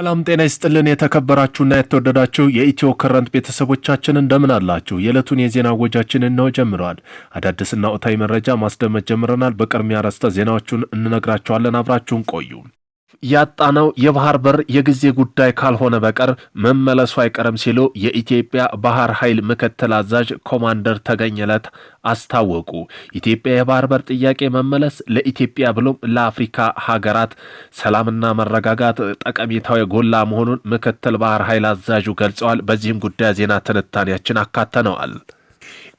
ሰላም ጤና ይስጥልን። የተከበራችሁና የተወደዳችሁ የኢትዮ ከረንት ቤተሰቦቻችን እንደምን አላችሁ? የዕለቱን የዜና ወጃችን እነሆ ጀምረዋል። አዳዲስና ወቅታዊ መረጃ ማስደመጥ ጀምረናል። በቅድሚያ ርዕሰ ዜናዎቹን እንነግራችኋለን። አብራችሁን ቆዩ። ያጣነው የባህር በር የጊዜ ጉዳይ ካልሆነ በቀር መመለሱ አይቀርም ሲሉ የኢትዮጵያ ባህር ኃይል ምክትል አዛዥ ኮማንደር ተገኘለት አስታወቁ። ኢትዮጵያ የባህር በር ጥያቄ መመለስ ለኢትዮጵያ ብሎም ለአፍሪካ ሀገራት ሰላምና መረጋጋት ጠቀሜታው የጎላ መሆኑን ምክትል ባህር ኃይል አዛዡ ገልጸዋል። በዚህም ጉዳይ ዜና ትንታኔያችን አካተነዋል።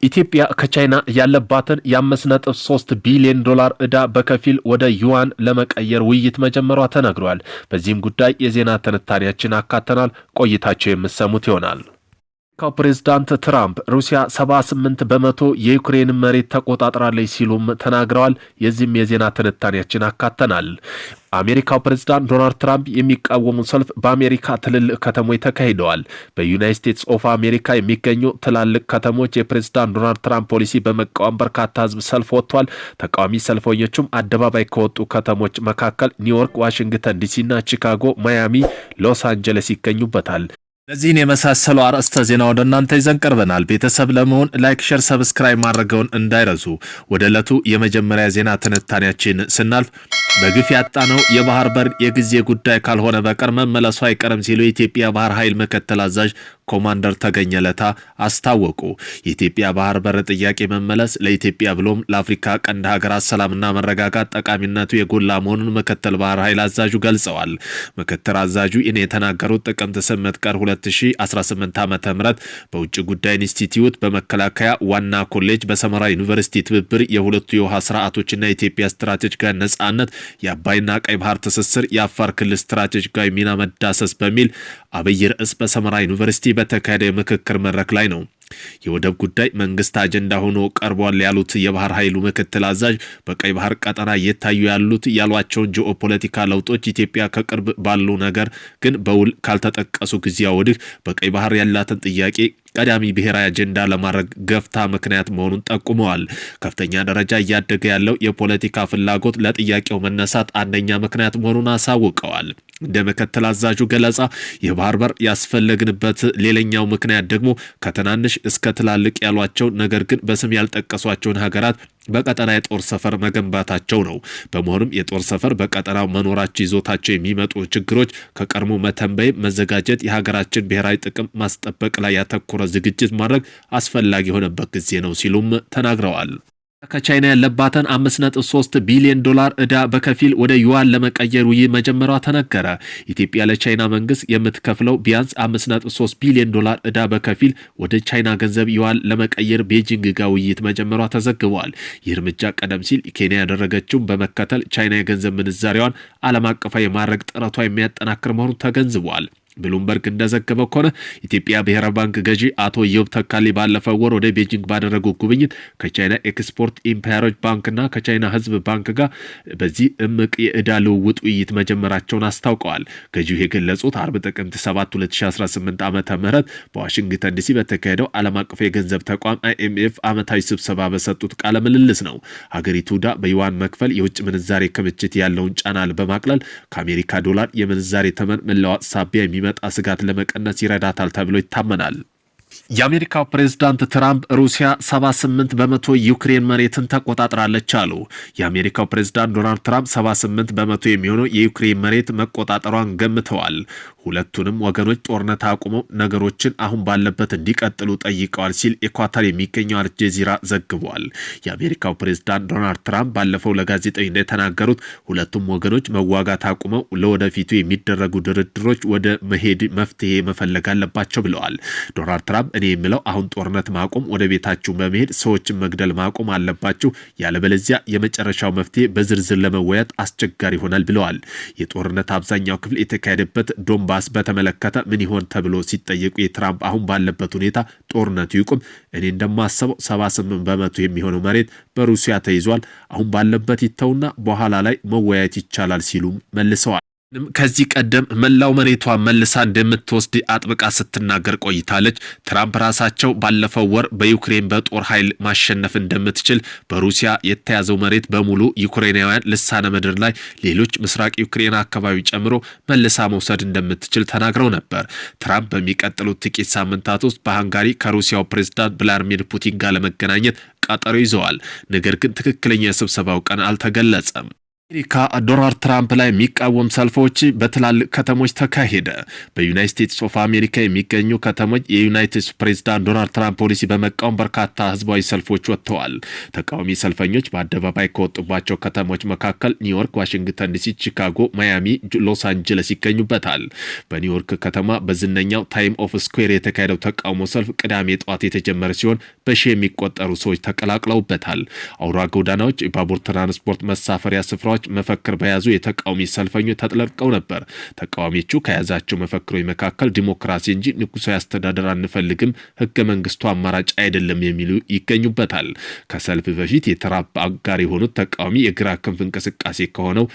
ኢትዮጵያ ከቻይና ያለባትን የአምስት ነጥብ ሶስት ቢሊዮን ዶላር ዕዳ በከፊል ወደ ዩዋን ለመቀየር ውይይት መጀመሯ ተነግሯል። በዚህም ጉዳይ የዜና ትንታኔያችን አካተናል። ቆይታቸው የምሰሙት ይሆናል። የአሜሪካው ፕሬዝዳንት ትራምፕ ሩሲያ 78 በመቶ የዩክሬን መሬት ተቆጣጥራለች ሲሉም ተናግረዋል። የዚህም የዜና ትንታኔያችን አካተናል። አሜሪካው ፕሬዝዳንት ዶናልድ ትራምፕ የሚቃወሙ ሰልፍ በአሜሪካ ትልልቅ ከተሞች ተካሂደዋል። በዩናይት ስቴትስ ኦፍ አሜሪካ የሚገኙ ትላልቅ ከተሞች የፕሬዝዳንት ዶናልድ ትራምፕ ፖሊሲ በመቃወም በርካታ ህዝብ ሰልፍ ወጥቷል። ተቃዋሚ ሰልፈኞቹም አደባባይ ከወጡ ከተሞች መካከል ኒውዮርክ፣ ዋሽንግተን ዲሲ እና ቺካጎ፣ ማያሚ፣ ሎስ አንጀለስ ይገኙበታል። እነዚህን የመሳሰሉ አርዕስተ ዜና ወደ እናንተ ይዘን ቀርበናል። ቤተሰብ ለመሆን ላይክ፣ ሸር፣ ሰብስክራይብ ማድረገውን እንዳይረሱ። ወደ ዕለቱ የመጀመሪያ ዜና ትንታኔያችን ስናልፍ በግፍ ያጣነው የባህር በር የጊዜ ጉዳይ ካልሆነ በቀር መመለሱ አይቀርም ሲሉ የኢትዮጵያ ባህር ኃይል ምክትል አዛዥ ኮማንደር ተገኘ ለታ አስታወቁ። የኢትዮጵያ ባህር በር ጥያቄ መመለስ ለኢትዮጵያ ብሎም ለአፍሪካ ቀንድ ሀገራት ሰላምና መረጋጋት ጠቃሚነቱ የጎላ መሆኑን ምክትል ባህር ኃይል አዛዡ ገልጸዋል። ምክትል አዛዡ ይህን የተናገሩት ጥቅምት 8 ቀን 2018 ዓ ም በውጭ ጉዳይ ኢንስቲትዩት በመከላከያ ዋና ኮሌጅ በሰመራ ዩኒቨርሲቲ ትብብር የሁለቱ የውሃ ስርዓቶችና የኢትዮጵያ ስትራቴጂካዊ ነጻነት የአባይና ቀይ ባህር ትስስር የአፋር ክልል ስትራቴጂካዊ ሚና መዳሰስ በሚል አብይ ርዕስ በሰመራ ዩኒቨርሲቲ በተካሄደ የምክክር መድረክ ላይ ነው። የወደብ ጉዳይ መንግስት አጀንዳ ሆኖ ቀርቧል ያሉት የባህር ኃይሉ ምክትል አዛዥ በቀይ ባህር ቀጠና እየታዩ ያሉት ያሏቸውን ጂኦፖለቲካ ለውጦች ኢትዮጵያ ከቅርብ ባሉ ነገር ግን በውል ካልተጠቀሱ ጊዜያ ወዲህ በቀይ ባህር ያላትን ጥያቄ ቀዳሚ ብሔራዊ አጀንዳ ለማድረግ ገፍታ ምክንያት መሆኑን ጠቁመዋል። ከፍተኛ ደረጃ እያደገ ያለው የፖለቲካ ፍላጎት ለጥያቄው መነሳት አንደኛ ምክንያት መሆኑን አሳውቀዋል። እንደ ምክትል አዛዡ ገለጻ የባህር በር ያስፈለግንበት ሌላኛው ምክንያት ደግሞ ከትናንሽ እስከ ትላልቅ ያሏቸው ነገር ግን በስም ያልጠቀሷቸውን ሀገራት በቀጠና የጦር ሰፈር መገንባታቸው ነው። በመሆኑም የጦር ሰፈር በቀጠናው መኖራቸው ይዞታቸው የሚመጡ ችግሮች ከቀድሞ መተንበይ መዘጋጀት፣ የሀገራችን ብሔራዊ ጥቅም ማስጠበቅ ላይ ያተኮረ ዝግጅት ማድረግ አስፈላጊ የሆነበት ጊዜ ነው ሲሉም ተናግረዋል። ከቻይና ያለባትን 5.3 ቢሊዮን ዶላር ዕዳ በከፊል ወደ ዩዋን ለመቀየር ውይይት መጀመሯ ተነገረ። ኢትዮጵያ ለቻይና መንግስት የምትከፍለው ቢያንስ 5.3 ቢሊዮን ዶላር ዕዳ በከፊል ወደ ቻይና ገንዘብ ዩዋን ለመቀየር ቤጂንግ ጋር ውይይት መጀመሯ ተዘግቧል። ይህ እርምጃ ቀደም ሲል ኬንያ ያደረገችውን በመከተል ቻይና የገንዘብ ምንዛሪዋን ዓለም አቀፋዊ የማድረግ ጥረቷ የሚያጠናክር መሆኑ ተገንዝቧል። ብሉምበርግ እንደዘገበው ከሆነ ኢትዮጵያ ብሔራዊ ባንክ ገዢ አቶ ዮብ ተካሌ ባለፈው ወር ወደ ቤጂንግ ባደረጉ ጉብኝት ከቻይና ኤክስፖርት ኢምፓየሮች ባንክና ከቻይና ሕዝብ ባንክ ጋር በዚህ እምቅ የእዳ ልውውጥ ውይይት መጀመራቸውን አስታውቀዋል። ገዢው የገለጹት አርብ ጥቅምት 7 2018 ዓ ም በዋሽንግተን ዲሲ በተካሄደው ዓለም አቀፍ የገንዘብ ተቋም አይኤምኤፍ ዓመታዊ ስብሰባ በሰጡት ቃለ ምልልስ ነው። ሀገሪቱ ዕዳ በይዋን መክፈል የውጭ ምንዛሬ ክምችት ያለውን ጫናል በማቅለል ከአሜሪካ ዶላር የምንዛሬ ተመን መለዋጥ ሳቢያ የሚ የሚመጣ ስጋት ለመቀነስ ይረዳታል ተብሎ ይታመናል። የአሜሪካው ፕሬዝዳንት ትራምፕ ሩሲያ 78 በመቶ ዩክሬን መሬትን ተቆጣጥራለች አሉ። የአሜሪካው ፕሬዝዳንት ዶናልድ ትራምፕ 78 በመቶ የሚሆነው የዩክሬን መሬት መቆጣጠሯን ገምተዋል። ሁለቱንም ወገኖች ጦርነት አቁመው ነገሮችን አሁን ባለበት እንዲቀጥሉ ጠይቀዋል ሲል ኤኳታር የሚገኘው አልጀዚራ ዘግቧል። የአሜሪካው ፕሬዝዳንት ዶናልድ ትራምፕ ባለፈው ለጋዜጠኞች እንደተናገሩት ሁለቱም ወገኖች መዋጋት አቁመው ለወደፊቱ የሚደረጉ ድርድሮች ወደ መሄድ መፍትሄ መፈለግ አለባቸው ብለዋል። ዶናልድ ትራምፕ ሀሳብ እኔ የምለው አሁን ጦርነት ማቆም፣ ወደ ቤታችሁ በመሄድ ሰዎችን መግደል ማቆም አለባችሁ። ያለበለዚያ የመጨረሻው መፍትሄ በዝርዝር ለመወያት አስቸጋሪ ይሆናል ብለዋል። የጦርነት አብዛኛው ክፍል የተካሄደበት ዶንባስ በተመለከተ ምን ይሆን ተብሎ ሲጠየቁ የትራምፕ አሁን ባለበት ሁኔታ ጦርነቱ ይቁም፣ እኔ እንደማስበው 78 በመቶ የሚሆነው መሬት በሩሲያ ተይዟል፣ አሁን ባለበት ይተውና በኋላ ላይ መወያየት ይቻላል ሲሉም መልሰዋል። ከዚህ ቀደም መላው መሬቷ መልሳ እንደምትወስድ አጥብቃ ስትናገር ቆይታለች። ትራምፕ ራሳቸው ባለፈው ወር በዩክሬን በጦር ኃይል ማሸነፍ እንደምትችል በሩሲያ የተያዘው መሬት በሙሉ ዩክሬናውያን ልሳነ ምድር ላይ ሌሎች ምስራቅ ዩክሬን አካባቢ ጨምሮ መልሳ መውሰድ እንደምትችል ተናግረው ነበር። ትራምፕ በሚቀጥሉት ጥቂት ሳምንታት ውስጥ በሃንጋሪ ከሩሲያው ፕሬዝዳንት ቭላድሚር ፑቲን ጋር ለመገናኘት ቀጠሮ ይዘዋል። ነገር ግን ትክክለኛ የስብሰባው ቀን አልተገለጸም። አሜሪካ ዶናልድ ትራምፕ ላይ የሚቃወም ሰልፎች በትላልቅ ከተሞች ተካሄደ። በዩናይት ስቴትስ ኦፍ አሜሪካ የሚገኙ ከተሞች የዩናይትድ ስቴትስ ፕሬዚዳንት ዶናልድ ትራምፕ ፖሊሲ በመቃወም በርካታ ህዝባዊ ሰልፎች ወጥተዋል። ተቃዋሚ ሰልፈኞች በአደባባይ ከወጡባቸው ከተሞች መካከል ኒውዮርክ፣ ዋሽንግተን ዲሲ፣ ቺካጎ፣ ማያሚ፣ ሎስ አንጀለስ ይገኙበታል። በኒውዮርክ ከተማ በዝነኛው ታይም ኦፍ ስኩዌር የተካሄደው ተቃውሞ ሰልፍ ቅዳሜ ጠዋት የተጀመረ ሲሆን በሺ የሚቆጠሩ ሰዎች ተቀላቅለውበታል። አውራ ጎዳናዎች፣ የባቡር ትራንስፖርት መሳፈሪያ ስፍራዎች መፈክር በያዙ የተቃዋሚ ሰልፈኞች ተጥለቀው ነበር። ተቃዋሚዎቹ ከያዛቸው መፈክሮች መካከል ዲሞክራሲ እንጂ ንጉሳዊ አስተዳደር አንፈልግም፣ ህገ መንግስቱ አማራጭ አይደለም የሚሉ ይገኙበታል። ከሰልፍ በፊት የትራምፕ አጋር የሆኑት ተቃዋሚ የግራ ክንፍ እንቅስቃሴ ከሆነው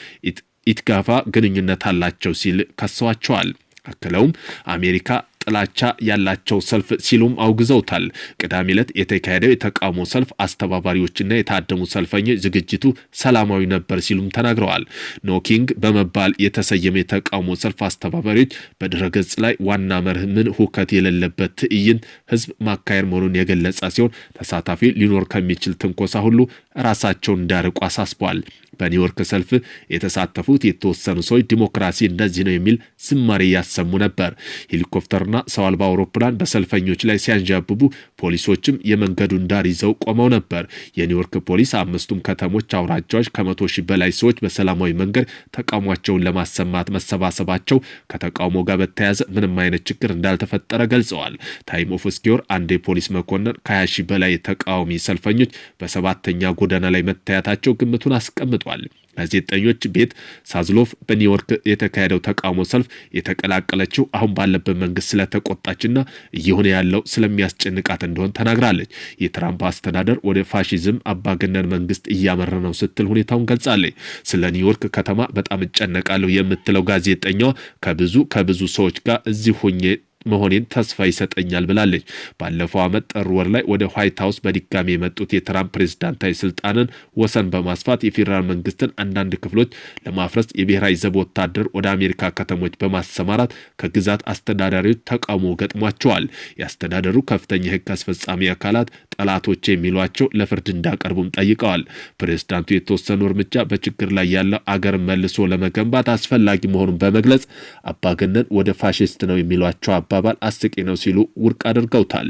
ኢትጋፋ ግንኙነት አላቸው ሲል ከሰዋቸዋል። አክለውም አሜሪካ ጥላቻ ያላቸው ሰልፍ ሲሉም አውግዘውታል። ቅዳሜ ዕለት የተካሄደው የተቃውሞ ሰልፍ አስተባባሪዎችና የታደሙ ሰልፈኞች ዝግጅቱ ሰላማዊ ነበር ሲሉም ተናግረዋል። ኖኪንግ በመባል የተሰየመ የተቃውሞ ሰልፍ አስተባባሪዎች በድረገጽ ላይ ዋና መርህ ምን ሁከት የሌለበት ትዕይንት ህዝብ ማካሄድ መሆኑን የገለጸ ሲሆን ተሳታፊ ሊኖር ከሚችል ትንኮሳ ሁሉ ራሳቸውን እንዳርቁ አሳስቧል። በኒውዮርክ ሰልፍ የተሳተፉት የተወሰኑ ሰዎች ዲሞክራሲ እንደዚህ ነው የሚል ዝማሬ እያሰሙ ነበር። ሄሊኮፕተርና ሰው አልባ አውሮፕላን በሰልፈኞች ላይ ሲያንዣብቡ ፖሊሶችም የመንገዱን ዳር ይዘው ቆመው ነበር። የኒውዮርክ ፖሊስ አምስቱም ከተሞች አውራጃዎች ከመቶ ሺህ በላይ ሰዎች በሰላማዊ መንገድ ተቃውሟቸውን ለማሰማት መሰባሰባቸው ከተቃውሞ ጋር በተያያዘ ምንም አይነት ችግር እንዳልተፈጠረ ገልጸዋል። ታይም ኦፍ ስኪዮር አንድ የፖሊስ መኮንን ከ20 ሺህ በላይ የተቃዋሚ ሰልፈኞች በሰባተኛ ጎዳና ላይ መታየታቸው ግምቱን አስቀምጧል። በጋዜጠኞች ቤት ሳዝሎቭ በኒውዮርክ የተካሄደው ተቃውሞ ሰልፍ የተቀላቀለችው አሁን ባለበት መንግስት ስለተቆጣችና እየሆነ ያለው ስለሚያስጨንቃት እንደሆን ተናግራለች። የትራምፕ አስተዳደር ወደ ፋሺዝም አምባገነን መንግስት እያመራ ነው ስትል ሁኔታውን ገልጻለች። ስለ ኒውዮርክ ከተማ በጣም እጨነቃለሁ የምትለው ጋዜጠኛዋ ከብዙ ከብዙ ሰዎች ጋር እዚህ ሆኜ መሆኔን ተስፋ ይሰጠኛል ብላለች። ባለፈው ዓመት ጥር ወር ላይ ወደ ዋይት ሀውስ በድጋሚ የመጡት የትራምፕ ፕሬዝዳንታዊ ስልጣንን ወሰን በማስፋት የፌዴራል መንግስትን አንዳንድ ክፍሎች ለማፍረስ የብሔራዊ ዘብ ወታደር ወደ አሜሪካ ከተሞች በማሰማራት ከግዛት አስተዳዳሪዎች ተቃውሞ ገጥሟቸዋል። የአስተዳደሩ ከፍተኛ የህግ አስፈጻሚ አካላት ጠላቶች የሚሏቸው ለፍርድ እንዳቀርቡም ጠይቀዋል። ፕሬዝዳንቱ የተወሰኑ እርምጃ በችግር ላይ ያለው አገር መልሶ ለመገንባት አስፈላጊ መሆኑን በመግለጽ አባገነን ወደ ፋሽስት ነው የሚሏቸው አባ አባባል አስቂ ነው ሲሉ ውድቅ አድርገውታል።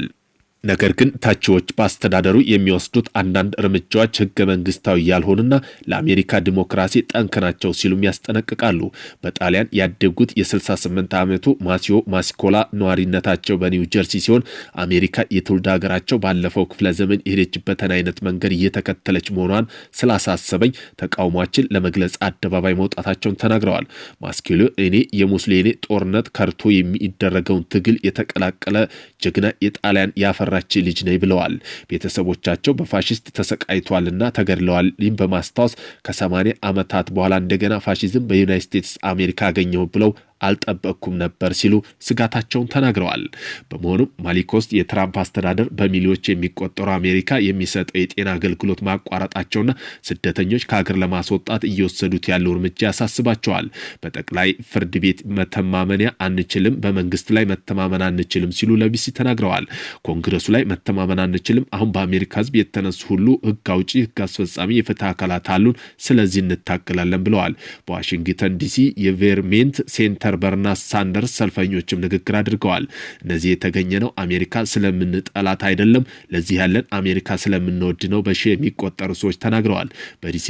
ነገር ግን ታቺዎች በአስተዳደሩ የሚወስዱት አንዳንድ እርምጃዎች ህገ መንግስታዊ ያልሆኑና ለአሜሪካ ዲሞክራሲ ጠንክ ናቸው ሲሉም ያስጠነቅቃሉ። በጣሊያን ያደጉት የ68 ዓመቱ ማሲዮ ማስኮላ ነዋሪነታቸው በኒው ጀርሲ ሲሆን አሜሪካ የትውልድ ሀገራቸው ባለፈው ክፍለ ዘመን የሄደችበትን አይነት መንገድ እየተከተለች መሆኗን ስላሳሰበኝ ተቃውሟችን ለመግለጽ አደባባይ መውጣታቸውን ተናግረዋል። ማስኪሎ እኔ የሙሶሊኒ ጦርነት ከርቶ የሚደረገውን ትግል የተቀላቀለ ጀግና የጣሊያን ያፈራ ያዳናች ልጅ ነኝ ብለዋል። ቤተሰቦቻቸው በፋሽስት ተሰቃይቷልና ተገድለዋል። ይህም በማስታወስ ከሰማንያ ዓመታት በኋላ እንደገና ፋሽዝም በዩናይት ስቴትስ አሜሪካ አገኘው ብለው አልጠበቅኩም ነበር ሲሉ ስጋታቸውን ተናግረዋል። በመሆኑም ማሊኮስት የትራምፕ አስተዳደር በሚሊዮች የሚቆጠሩ አሜሪካ የሚሰጠው የጤና አገልግሎት ማቋረጣቸውና ስደተኞች ከሀገር ለማስወጣት እየወሰዱት ያለው እርምጃ ያሳስባቸዋል። በጠቅላይ ፍርድ ቤት መተማመንያ አንችልም፣ በመንግስት ላይ መተማመን አንችልም ሲሉ ለቢሲ ተናግረዋል። ኮንግረሱ ላይ መተማመን አንችልም። አሁን በአሜሪካ ህዝብ የተነሱ ሁሉ ህግ አውጪ፣ ህግ አስፈጻሚ፣ የፍትህ አካላት አሉን። ስለዚህ እንታገላለን ብለዋል። በዋሽንግተን ዲሲ የቬርሜንት ሴንተር ሴናተር በርናስ ሳንደርስ ሰልፈኞችም ንግግር አድርገዋል። እነዚህ የተገኘ ነው አሜሪካ ስለምንጠላት አይደለም፣ ለዚህ ያለን አሜሪካ ስለምንወድ ነው በሺ የሚቆጠሩ ሰዎች ተናግረዋል። በዲሲ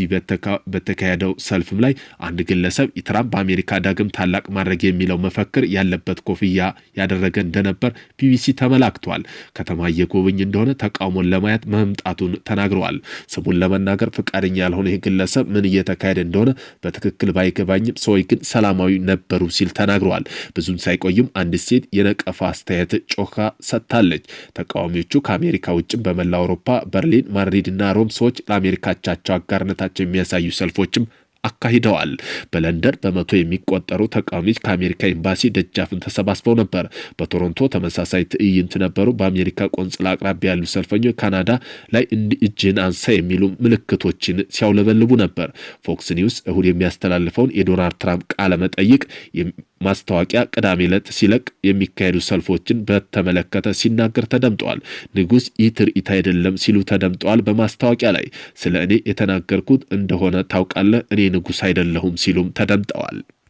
በተካሄደው ሰልፍም ላይ አንድ ግለሰብ ትራምፕ በአሜሪካ ዳግም ታላቅ ማድረግ የሚለው መፈክር ያለበት ኮፍያ ያደረገ እንደነበር ቢቢሲ ተመላክቷል። ከተማ እየጎበኝ እንደሆነ ተቃውሞን ለማየት መምጣቱን ተናግረዋል። ስሙን ለመናገር ፈቃደኛ ያልሆነ ይህ ግለሰብ ምን እየተካሄደ እንደሆነ በትክክል ባይገባኝም ሰዎች ግን ሰላማዊ ነበሩ ሲል ሲል ተናግረዋል። ብዙም ሳይቆይም አንዲት ሴት የነቀፋ አስተያየት ጮካ ሰጥታለች። ተቃዋሚዎቹ ከአሜሪካ ውጭም በመላ አውሮፓ በርሊን፣ ማድሪድ እና ሮም ሰዎች ለአሜሪካቻቸው አጋርነታቸው የሚያሳዩ ሰልፎችም አካሂደዋል። በለንደን በመቶ የሚቆጠሩ ተቃዋሚዎች ከአሜሪካ ኤምባሲ ደጃፍን ተሰባስበው ነበር። በቶሮንቶ ተመሳሳይ ትዕይንት ነበሩ። በአሜሪካ ቆንጽላ አቅራቢያ ያሉ ሰልፈኞች ካናዳ ላይ እጅን አንሳ የሚሉ ምልክቶችን ሲያውለበልቡ ነበር። ፎክስ ኒውስ እሁድ የሚያስተላልፈውን የዶናልድ ትራምፕ ቃለ መጠይቅ ማስታወቂያ ቅዳሜ ዕለት ሲለቅ የሚካሄዱ ሰልፎችን በተመለከተ ሲናገር ተደምጠዋል። ንጉስ ይህ ትርኢት አይደለም ሲሉ ተደምጠዋል። በማስታወቂያ ላይ ስለ እኔ የተናገርኩት እንደሆነ ታውቃለህ፣ እኔ ንጉስ አይደለሁም ሲሉም ተደምጠዋል።